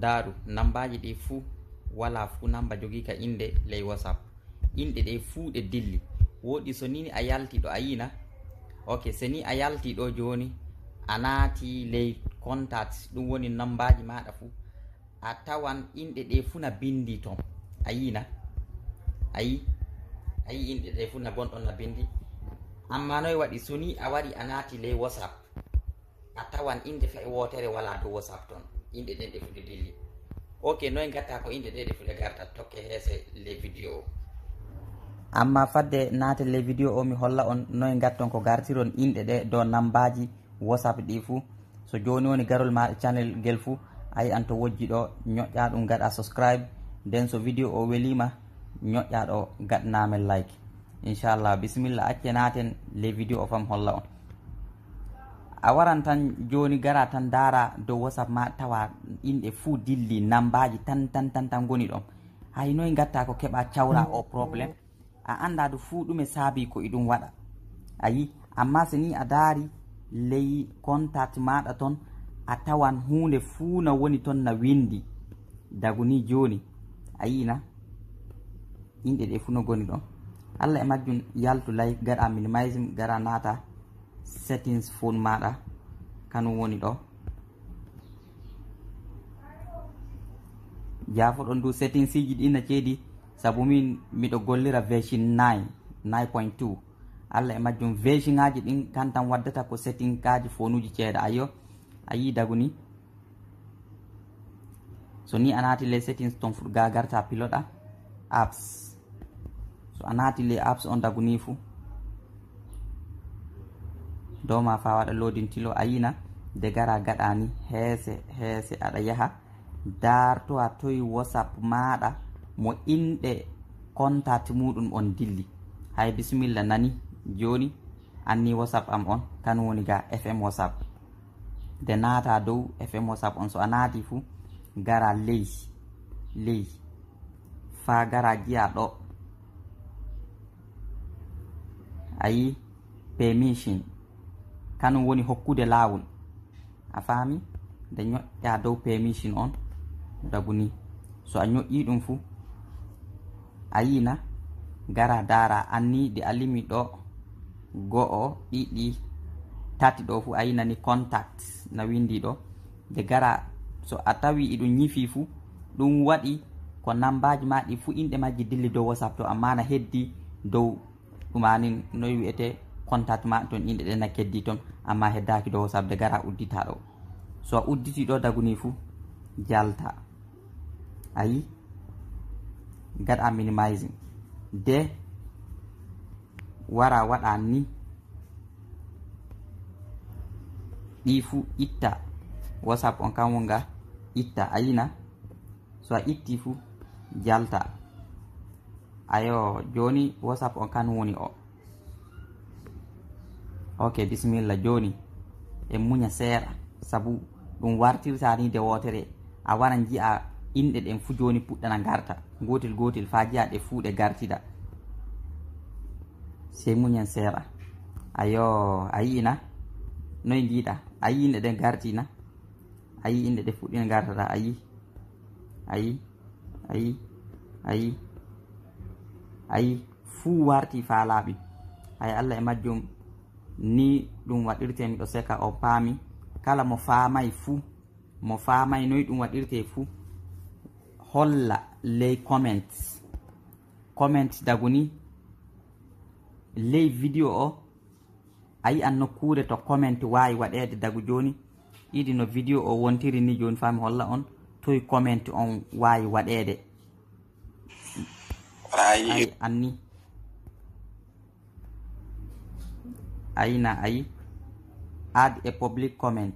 daru nambaji ɗi fuu wala fuu namba jogui ka inde ley whatsapp inɗe ɗe fuu ɗe dilli woɗi so nini a yaltiɗo a yina ok seni a yaltiɗo joni a naati ley contact ɗum woni nambaji maɗa fuu a tawan inɗe ɗe fuu na bindi toon a yina ayi ayi inɗe ɗe fuu na gonɗon na bindi amma noy waɗi so ni a waɗi a naati ley whatsapp a tawan inde fa e wotere wala dow whatsapp toon inde ɗen ɗe fu ɗe dilli ok noy gatta ko inde ɗe ɗe fu ɗe garta tokke heese les vidéo o amma fadde naate les vidéo o mi holla on noy gatton ko gartiron inɗe ɗe dow nambaji wasap ɗi fuu so joni woni garol maɗa channel guel fuu a yiyan to wojji ɗo ñoƴƴa ɗum gaɗa subscribe nden so vidéo o welima ñoƴƴa ɗo gaɗanamen like inchallah bisimillah acce naaten les vidéo o fam holla on a waran tan joni gara tan dara dow whatsapp ma tawa inɗe fuu dilli nambaji tan tan tan tan goni ɗon haynoye gatta ko keɓa cawra o probléme a andado fuu ɗume saabi ko e ɗum waɗa ayi amma so ni a daari ley contact maɗa ton a tawan hunde fuu no woni ton no windi dagu ni joni a yina inɗe ɗe fuu no goni ɗon allah e majjum yaltu lay gaɗa minimisme gara nata settings phone maɗa kanum woni ɗo jafo ɗon du settings siji ɗi na ceedi saabu min miɗo gollira version 9 9.2 allah e majjum version ngaji ɗin kan tan waddata ko setting kaji fonuji ceeɗa ayo a yi daguni so ni a naati les settings ton fuɗga garta pilota apps so a naati les apps on daguni fou dowma fa waɗa lodin tilo a yina de gara gaɗani heese heese aɗa yaha darto a toyi wasap maɗa mo inɗe contat muɗum on dilli hay bisimilla nani joni anni wasap am on kan woni ga fm wasap de naata dow fm wasap on so a naati fuu gara ley ley fa gara jiya ɗo ayi permission kanum woni hokkude laawol a faami nde ñoƴƴa dow permission on dabu ni so a ñoƴƴi ɗum fuu a yina gara daara anniiɗi a limi ɗo go'o ɗiɗi tati ɗo fuu a yinani contact na windi ɗo nde gara so a tawi iɗum ñifi fuu ɗum waɗi ko nambaji maɗi fuu inɗe majji dilli dow whatsapp to amma na heddi dow ɗumanin noy wi'ete contact ma toon inɗe ɗena keddi toon amma heddaki ɗo sabde gara uddita ɗo so a udditi ɗo daguni fuu jalta ayi gaɗa minimising de wara waɗa ni ɗi fuu itta whatsapp on kamwonga itta ayina so a itti fuu jalta ayo joni whatsapp on kan woni o ok bisimilla joni en muña seeɗa saabu ɗum wartirtani de wotere a wara jiya inɗe ɗen fuu joni puɗɗana garta gotel gotel fa jiya ɗe fuu ɗe gartida sey muñan seeɗa ayo a yiina noye ndiɗa a yi inɗe ɗen gartina a yi inɗe ɗe fuɗɗina gartata ayi ayi ayi ayi ayi fuu warti fa laaɓi aya allah e majjum ni dum wadirte mi do seka o pami kala mo faama e fu mo faama e noy dum wadirte fu holla lay comments comment daguni lay video o ayi an nokkure to comment wayi wadede dagu joni idi no video o wontiri ni joni faami holla on toy comment on wayi wadede ayi anni Ay, ayina ayi add a public comment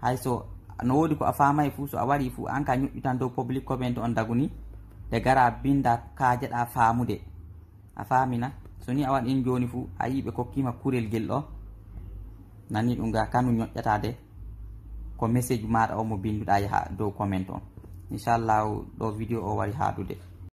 hayso no wodi ko a famayi fuu so a wari fuu an ka ñoƴƴutan dow public comment on daguni de gara binda kajeɗa famude a famina so ni a waɗin joni fuu a yi ɓe kokkima kurel guel ɗo nani ɗum ga kanu ñoƴƴata de ko message maɗa o mo binduɗa yaha dow comment on inchallahu ɗo vidéo o wari hadude